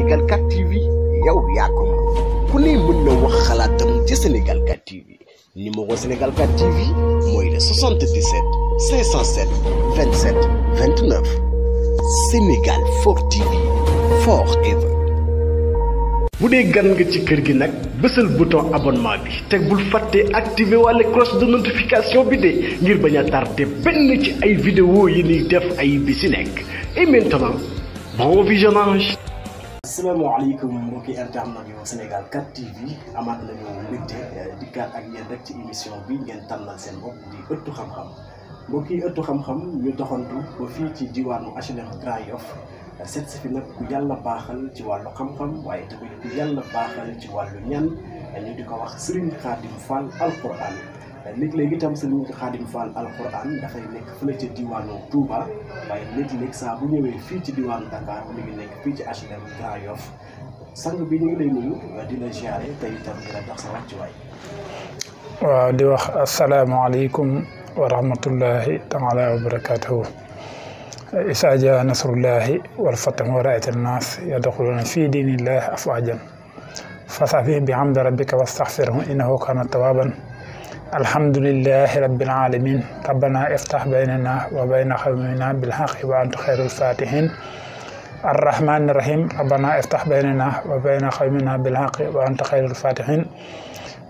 Sénégal 4 TV yow yakum. ko ku mën na wax xalaatam ci Sénégal 4 TV numéro Sénégal 4 TV moy le 77 507 27 29 Sénégal 4 TV forever. bu dee gan nga ci kër gi nag bésal bouton abonnement bi teg bul fàttee activer walla cloche de notification bi de ngir bañ a tardé benn ci ay vidéo yi ni def ay bi si nekk et maintenant bon visionnage asalaamaaleykum mbokki internet yu Sénégal 4 TV amaat nañu mbégte eh, dikkaat ak yéen rek ci émission bi ngeen tànnal seen bopp di ëttu xam-xam mbokki ëttu xam-xam ñu doxantu ba fii ci diwaanu HLM Grand Yoff eh, seet si nag ku yàlla baaxal ci wàllu xam-xam waaye tamit ku yàlla baaxal ci wàllu ñan eh, ñu di ko wax Serigne Khadim Fall Alquran léeg-léeg itam Serigne Khadim Fall alxuraan dafay nekk fële ca diwaanu Touba waaye léeg-léeg saa bu ñëwee fii ci diwaanu Dakar mi ngi nekk fii ci HLM Grand Yoff sang bi ñu ngi lay nuyu di la ziare tey itam di la jox sa wàccuwaay. waaw di wax asalaamaaleykum wa rahmatullahi taala wa barakaatuhu. Izaa jaa nasrullahi wal fathu wa ra'ayta an-naas yadxuluuna fii diinillahi afwaajan fasabbih bihamdi rabbika wastaghfirhu innahu kaana tawwaaban. الحمد لله رب العالمين ربنا افتح بيننا وبين قومنا بالحق وأنت خير الفاتحين الرحمن الرحيم ربنا افتح بيننا وبين قومنا بالحق وأنت خير الفاتحين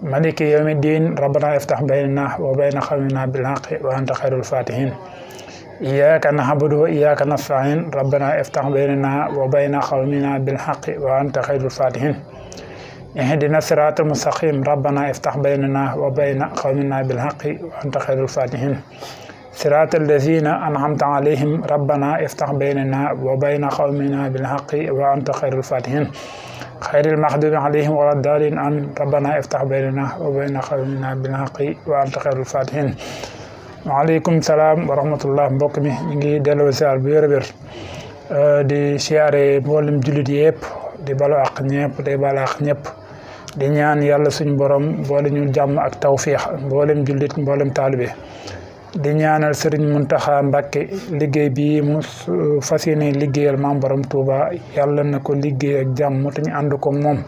ملك يوم الدين ربنا افتح بيننا وبين قومنا بالحق وأنت خير الفاتحين إياك نعبد وإياك نستعين ربنا افتح بيننا وبين قومنا بالحق وأنت خير الفاتحين اهدنا الصراط المستقيم ربنا افتح بيننا وبين قومنا بالحق وانت خير الفاتحين صراط الذين أنعمت عليهم ربنا افتح بيننا وبين قومنا بالحق وأنت خير الفاتحين خير المخدوم عليهم ولا الدارين أن ربنا افتح بيننا وبين قومنا بالحق وأنت خير الفاتحين وعليكم السلام ورحمة الله mbokk نجي دلو ngi delloo آه، دي bu wér wér di siyaare mboolem jullit yëpp di balu di ñaan yàlla suñ borom boole ñu jàmm ak tawféex mboolem jullit mboolem taalibe di ñaanal sëriñ Muntaxa Mbàkke liggéey bi mu fas yéene liggéeyal maam borom Touba yàlla na ko liggéey ak jàmm te ñu ànd ko moom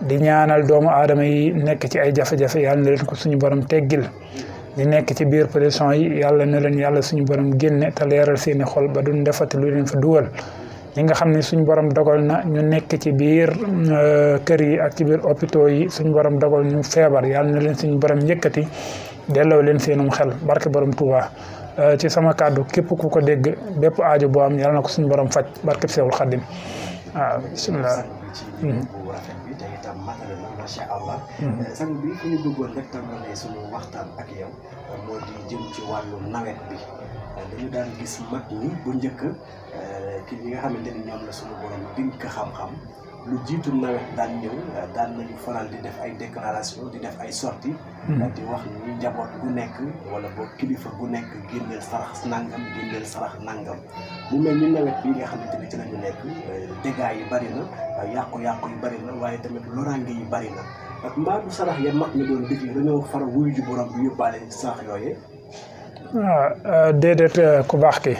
di ñaanal doomu aadama yi nekk ci ay jafe-jafe yàlla na leen ko suñu borom teggil di nekk ci biir pression yi yàlla na leen yàlla suñu borom génne leeral seeni xol ba du defati lu leen fa duwal ñi nga xam ne suñu borom dogal na ñu nekk ci biir euh, kër yi ak ci biir hôpitaux yi suñu borom dogal ñu feebar yàlla na leen suñu borom yëkkati delloo leen seenum xel barke borom Touba euh, ci sama kàddu képp ku ko dégg bépp aajo boo am yàlla na ko suñu borom faj barke Sewul Xaddim waaw bisimilah. ci biir bu rafet bi te itam matal na macha allah. Hmm. Eh, sang bi fu ñu bëggoon rek tàmbalee suñu waxtaan ak yow moo di jëm ci wàllu nawet bi eh, dañu daan gis mag ñi bu njëkk eh, ki nga xamante ni la suñu borom ko xam-xam. lu jiitu nawet daan ñëw euh, daan nañu faral di def ay déclaration di def ay sortie hmm. di wax ñu njaboot gu nekk wala boo kilifa gu nekk génneel sarax nangam génneel sarax nangam mu mel ni nawet bi nga xamante ni ci lañu nekk euh, dégâts yi bari na euh, yàqu-yàqu yi bari na waaye tamit loraange yi bari na ak mbaaru sarax ya mag ñu doon digle dañoo fara wuyu ju borom bi yóbbaale sarax yooyee ah, waaw déedéet ku baax ki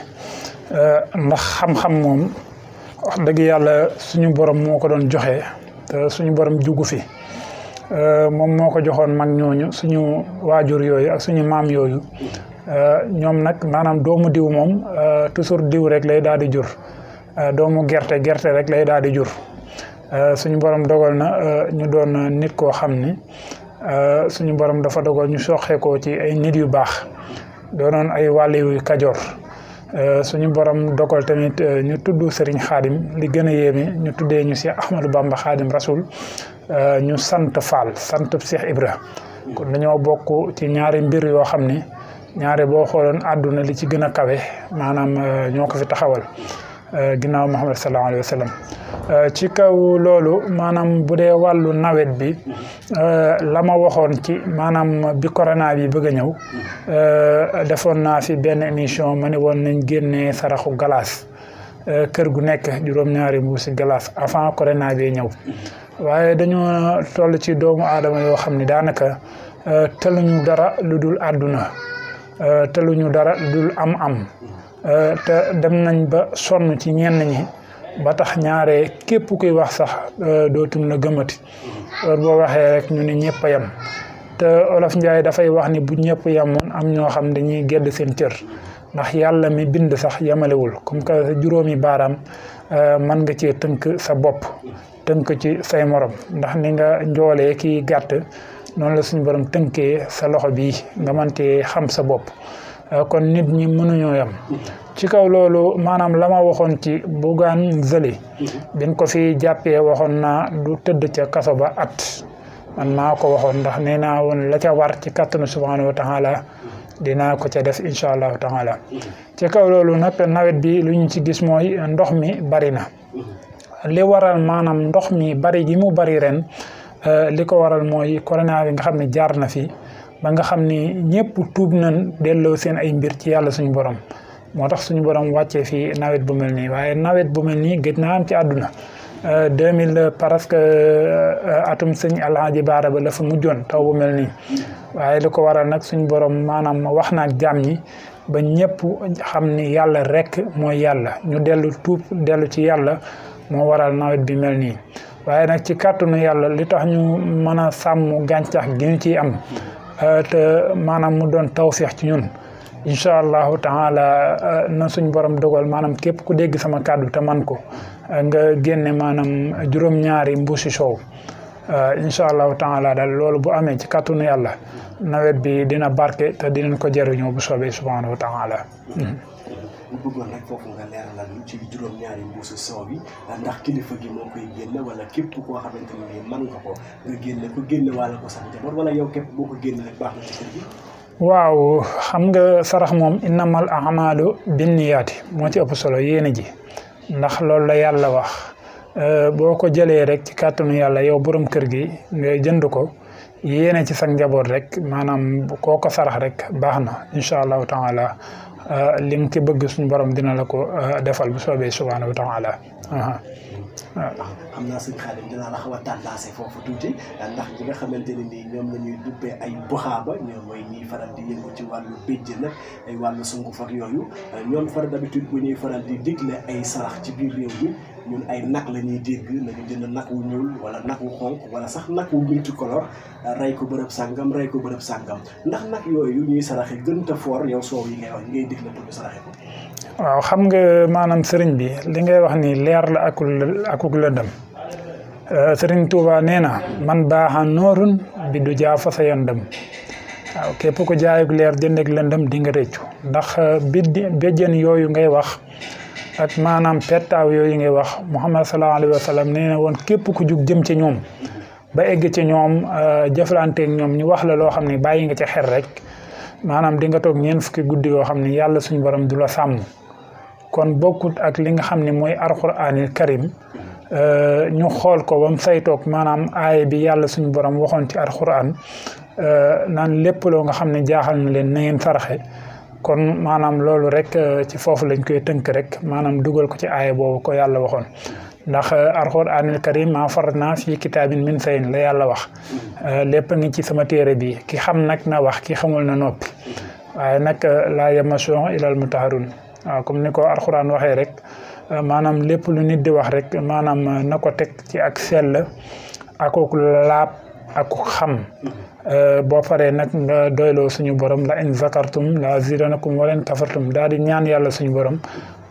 ndax xam-xam moom wax dëgg yàlla suñu borom moo ko doon joxe te suñu borom jugu fi euh, moom moo ko joxoon mag ñooñu suñu waajur yooyu ak suñu maam yooyu euh, ñoom nag maanaam doomu diw moom euh, toujours diw rek lay daal di jur doomu gerte gerte rek lay daal di jur suñu borom dogal na ñu doon nit koo xam ni suñu borom dafa dogal ñu soqeekoo ci ay nit yu baax doo doonoon ay wàllu yu kajoor Euh, suñu borom dogal tamit euh, ñu tudd Serigne Khadim li gën a yéeme ñu tuddee ñu si Ahmadou Bamba Khadim Rasoul euh, ñu sant Fall sant Cheikh Ibra kon dañoo bokk ci ñaari mbir yoo xam ni ñaari boo xooloon àdduna li ci gën a kawe maanaam ñoo ko fi taxawal. Eh, ginnaaw Muhammad sallallahu alayhi wa eh, ci kaw loolu maanaam bu dee wàllu nawet bi eh, la ma waxoon ci maanaam bi corona yi bëgg a ñëw defoon naa fi benn émission ma ne woon nañ génne saraxu galaas kër gu nekk juróom-ñaari mbuusi galaas avant corona bi ñëw waaye dañoo toll ci doomu aadama yoo xam ne daanaka tëluñu dara lu dul àdduna tëluñu dara lu dul am-am. Euh, te dem nañ ba sonn ci ñenn ñi ba tax ñaare képp kuy wax sax euh, dootum la gëmati heure boo waxee rek ñu ne ñëpp a yem te olof Njaay dafay wax ni bu ñëpp yemoon am ñoo xam ne dañuy gedd seen cër ndax yàlla mi bind sax yemalewul comme que sa juróomi baaraam euh, mën nga cee tënk sa bopp tënk ci say morom ndax ni nga njoolee kii gàtt noonu la suñu borom tënkee sa loxo bii nga mën cee xam sa bopp. Euh, kon nit ñi mënuñoo yem ci kaw loolu maanaam lama ma waxoon ci Bougane Zélie biñ ko fi jàppee waxoon na du tëdd ca kaso ba at maa ko waxoon ndax nee naa woon la ca war ci kattanu subhanahu wa taala dinaa ko ca def incha allahu taala ci kaw loolu nag nawet bi lu ñu ci gis mooy ndox mi bari na li waral maanaam ndox mi bari gi mu bari ren euh, li ko waral mooy corona bi nga xam ne jaar na fi. ba nga xam ni ñëpp tuub nañ delo seen ay mbir ci yalla suñu borom motax suñu borom wacce fi nawet bu melni waye nawet bu melni nii gëj am ci aduna 2000 parce que atum seigne alhaji baara ba la fa mujjon taw bu melni waye waaye waral nak suñu borom manam waxna ak jam ñi ba ñepp xam ni rek mooy yalla ñu delu tuub delu ci yalla mo waral nawet bi melni waye nak nag ci kàttanu yalla li tax ñu mëna sammu gantax gën ci am Euh, te maanaam mu doon tawféex ci ñun incha allahu taala euh, na suñ borom dogal maanaam képp ku dégg sama kàddu te man ko euh, nga génne maanaam juróom-ñaari mbuusi soow incha allahu taala daal loolu bu amee ci kàttanu yàlla nawet bi dina barke te dinañ ko jëriñoo bu soobee subhanahu wa taala mu bëggoon rek foofu nga leeralal ñu kilifa gi moo koy génne wala ko nga waaw xam nga sarax moom innamal amalu binniyaati moo ci ëpp solo yéene ji ndax loolu la yàlla wax euh, boo ko jëlee rek ci kàttanu yàlla yow borom kër gi nga jënd ko. yéene ci sa njaboot rek maanaam koo ko sarax rek baax na incha allahu taala Euh, li nga bëgg suñu borom dina la ko euh, defal bu soobee subhaanahu wa taala waaw am naa sëñ Xaadim dinaa la xaw a tàllaase foofu tuuti ndax ñi nga xamante ne nii ñoom la ñuy ay buxaaba ñoom mooy ñiy faral di ci wàllu béjjën ay wàllu sunguf ak yooyu ñoom faral ñuy faral di digle ay sarax ci biir réew mi ñun ay nag la ñuy dégg nañu jënd nag wu waaw xam nga maanaam sëriñ bi li wax ni leer la akul akuk la euh, na man baaxaan noorun bi du jaa fasa yoon waaw képp ko jaayuk leer jëndeg lëndam di nga rëccu ndax euh, bi béjjën yooyu ngay wax ak maanaam pettaaw yooyu ngay wax Muhammad sallallahu alayhi wa sallam nee woon képp ku jug jëm ci ñoom ba egg ci ñoom euh, jëflanteeg ñoom ñu wax la loo xam ni bàyyi nga ci xel rek maanaam di nga toog ñeent fukki guddi yoo xam ne yàlla suñu borom du la sàmm kon bokkut ak li nga xam ni mooy alquraanil karim euh, ñu xool ko ba mu saytoog maanaam aay bi yàlla suñu borom waxoon ci alquraan euh, naan lépp loo nga xam ne jaaxal nu leen na ngeen saraxe kon maanaam loolu rek euh, ci foofu lañ koy tënk rek maanaam dugal ko ci aaya boobu ko yàlla waxoon ndax euh, alxuraanul karim maa faratnaa fii kitaabin min sayin la yàlla wax euh, lépp ngi ci sama téere bi ki xam nag na wax ki xamul na noppi waaye nag laa yamassuhu illal mutahharun waaw comme ni ko alxuraan waxee rek maanaam lépp lu nit di wax rek maanaam na ko teg ci ak sell ak laab ak xam euh, boo paree nag nga doyloo suñu borom la in zakartum la zidanakum wala in kafartum daal di ñaan yàlla suñu borom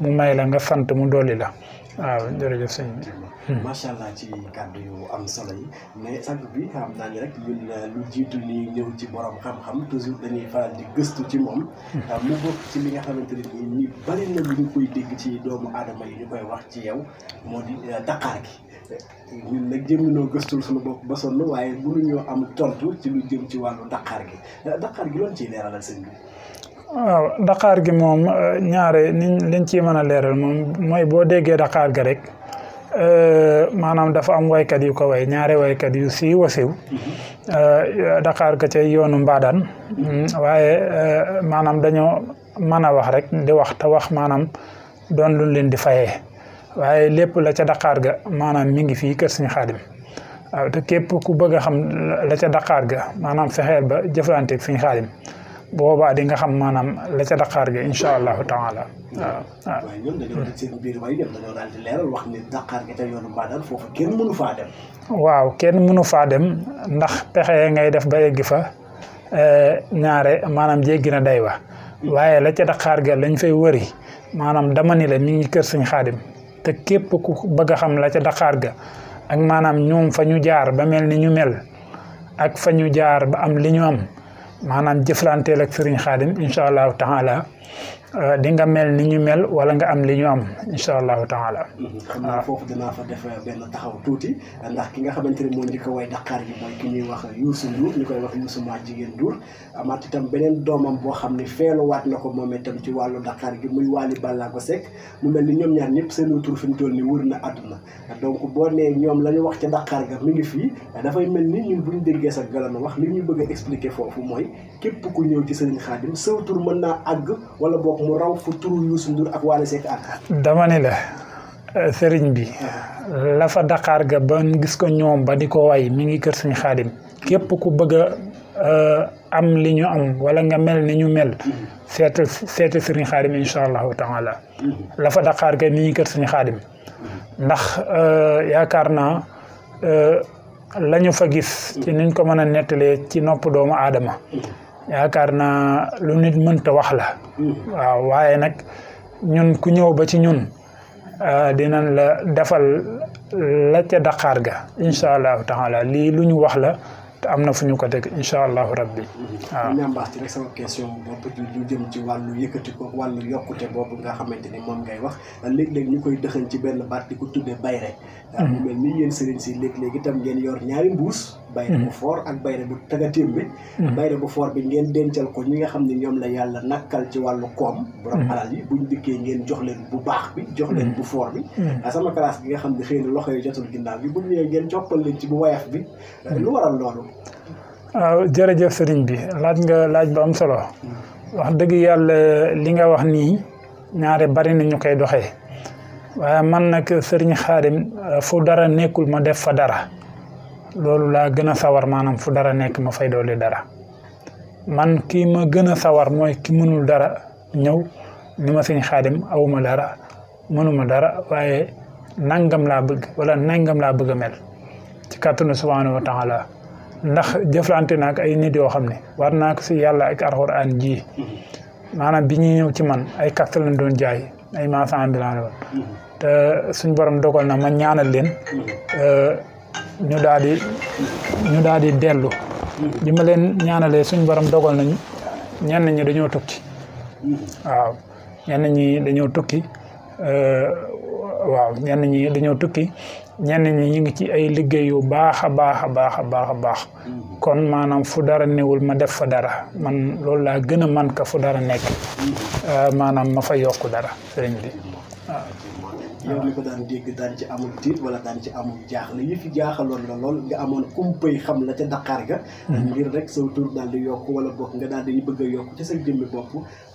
mu may la nga sant mu dolli la waaw ah, jërëjëf sëñ hmm. macha allah ci kàddu yu am solo yi mais sànq bi xam naa rek ñun euh, lu jiitu ni ñëw ci borom xam-xam toujours dañuy faral di gëstu ci moom. Hmm. Euh, mu bokk ci li nga xamante ni nii nii bari lu ñu koy dégg ci doomu aadama yi ñu koy wax ci yow moo di euh, daqaar gi. ñun nag jëm gëstul suñu bopp ba sonn waaye mënuñoo am tontu ci lu jëm ci wàllu daqaar gi daqaar gi loolu ciy leeralal sëñ bi. waaw daqaar gi moom euh, ñaare ni liñ ciy mën a leeral moom mooy boo déggee daqaar ga rek euh, maanaam dafa am waykat yu ko way ñaare waykat yu siiw a siiw euh, daqaar ga ca yoonu mbaadaan mm, waaye maanaam dañoo mën a wax rek di wax te wax maanaam doon luñ leen di fayee waaye lépp la ca daqaar ga maanaam mi ngi fii ka suñu xaadim waaw te képp ku bëgg a xam la ca daqaar ga maanaam fexeel ba jëflanteeg suñu xaadim boobaa di nga xam maanaam la ca daqaar gi incha allahu taala waaw waaw. kenn mënu faa dem. ndax pexe ngay def ba yegg fa eh, ñaare maanaam jéggi na day wa waaye la ca daqaar ga lañ fay wëri maanaam dama ni la mi ngi kër sëñ xaadim te képp ku bëgg a xam la ca daqaar ga ak maanaam ñoom fa ñu jaar ba mel ni ñu mel ak fa ñu jaar ba am li ñu am. maanaam jëflanteel ak Serigne Khadim incha allahu taala Euh, di nga mel ni ñu mel wala nga am li ñu am inshallah taala mhm. xam naa foofu dinaa fa def euh, ben taxaw tuti ndax ki nga xamanteni mo ndika way Dakar yi moy ki ñuy wax yusuf Ndour ñu koy wax yusuf ma jigen Ndour amaat itam benen domam bo xamni feelu wat nako ko moom itam ci walu Dakar gi muy balla ko sek mu mel ni ñoom ñaar ñep seen tour fi tolni wurna aduna donc bo nee ñom lañu wax ci Dakar ga mi ngi fii dafay mel ni ñun buñu déggee sa galana wax li ñu bëgg expliquer fofu moy képp ku ñew ci Serigne Khadim sa tour mëna ag wala bokk mu raw fu dama ne la euh, sëriñ bi. Ah. lafa daqaar ga ba gis ko ñoom ba di ko way mi ngi kër suñu xaadim képp ku bëgg euh, am li ñu am wala nga mel ni ñu mel. Mm-hmm. seet seet sëriñ xaadim incha allahu taala. Mm-hmm. la fa Dakar ga mi ngi kër suñu xaadim. Mm-hmm. ndax euh, yaakaar naa lañu fa gis. ci niñ ko mën a nettalee ci nopp doomu aadama. yaakaar naa lu nit mënta wax la. waaw waaye nag ñun ku ñëw ba ci ñun ah, dinañ la defal la ca daqaar ga incha allahu taala lii lu ñu wax la te am na fu ñu ko teg incha allahu rabbi. waaw ñu mbaax ci rek question bopp ci lu jëm ci wàllu yëkkati ko wàllu yokkute boobu nga xamante ni moom ngay wax léeg-léeg ñu koy dëxañ ci benn baat di ko tuddee bayre. Hmm. mu mel ni sëriñ si léegi léeg itam ngeen yor ñaari mbuus. bayre bu mhm. foor ak bayre bu tëggatim bi mhm. bayre bu foor bi ngeen dencal ko ñi nga xam ne ñoom la yàlla nakkal ci wàllu koom mhm. borom alal yi buñ dikkee ngeen jox leen bu baax bi jox leen bu foor bi bi ah, xam ne xëy na loxo yi jotul ginnaaw bu wayaf bi lu waral loolu waaw ah, sëriñ bi laaj nga laaj bu am solo wax dëgg yàlla li nga wax nii ñaare bari nañu koy doxee waaye man nag sëriñ xaadim fu dara nekkul ma def fa dara loolu laa gën a sawar maanaam fu dara nekk ma fay doole dara man ki ma gën a sawar mooy ki mënul dara ñëw ni ma sëñ xaadim awuma dara mënuma dara waaye nangam laa bëgg wala nangam laa bëgg mel ci kattanu subhaanahu wa taala ndax jëflante naak ay nit yoo xam ne war naa ko si yàlla ay alxuraan ji maanaam bi ñuy ñëw ci man ay kàtt lañ doon jaay ay maasan bi laa te suñ borom dogal na ma ñaanal leen mm-hmm. euh, ñu daal di ñu daal dellu bi ma leen ñaanalee suñ borom dogal nañ ñenn ñi dañoo tukki waaw ñenn ñi dañoo tukki euh, waaw ñi dañoo tukki ñenn ñi ñu ngi ci ay liggéey yu baax a baax a baax a baax a baax kon maanaam fu dara newul ma def fa dara man loolu laa gën a man ka fu dara nekk euh, maanaam ma fa yokk dara sëriñ bi yow mi ko daan dégg daan ci amul tiit wala daan ci amul la yi fi jaaxaloon la lool nga amoon kumpay xam la ca daqaar ga mhm. ngir rek sa tur daal di yokk wala bokk nga daal di bëgg a yokk ci sa jëmmi bopp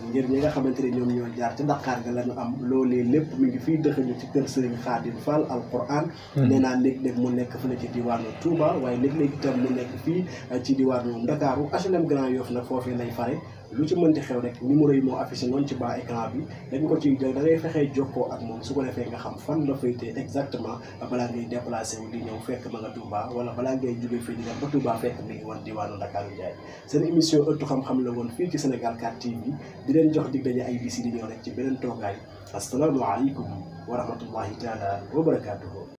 ngir ñi nga xamante ne ñoom ñoo jaar ca daqaar ga la ñu am loolee lépp mi ngi fiy dëxañu ci kër Serigne Khadim Fall alquran mhm. nee naa léeg-léeg mu nekk fi fële ci diwaanu Touba waaye léeg-léeg itam mu nekk fii ci diwaanu Ndakaaru HLM Grand Yoff nag foofee lay fare lu ci mënti xew rek numéro yi moo affiché noonu ci bas écran bi dañ ko ciy jël da ngay fexee ak moom su ko defee nga xam fan la féetee exactement balaa ngay déplacé wu di ñëw fekk ma nga Touba wala balaa ngay jóge fii di dem ba Touba fekk mi ngi woon diwaanu Ndakaaru Njaay seen émission ëttu xam-xam la woon fii ci Sénégal 4 TV di leen jox dig daje ay bis yi di ñëw rek ci beneen toogaay asalaamaaleykum wa rahmatullahi taala wa barakaatuhu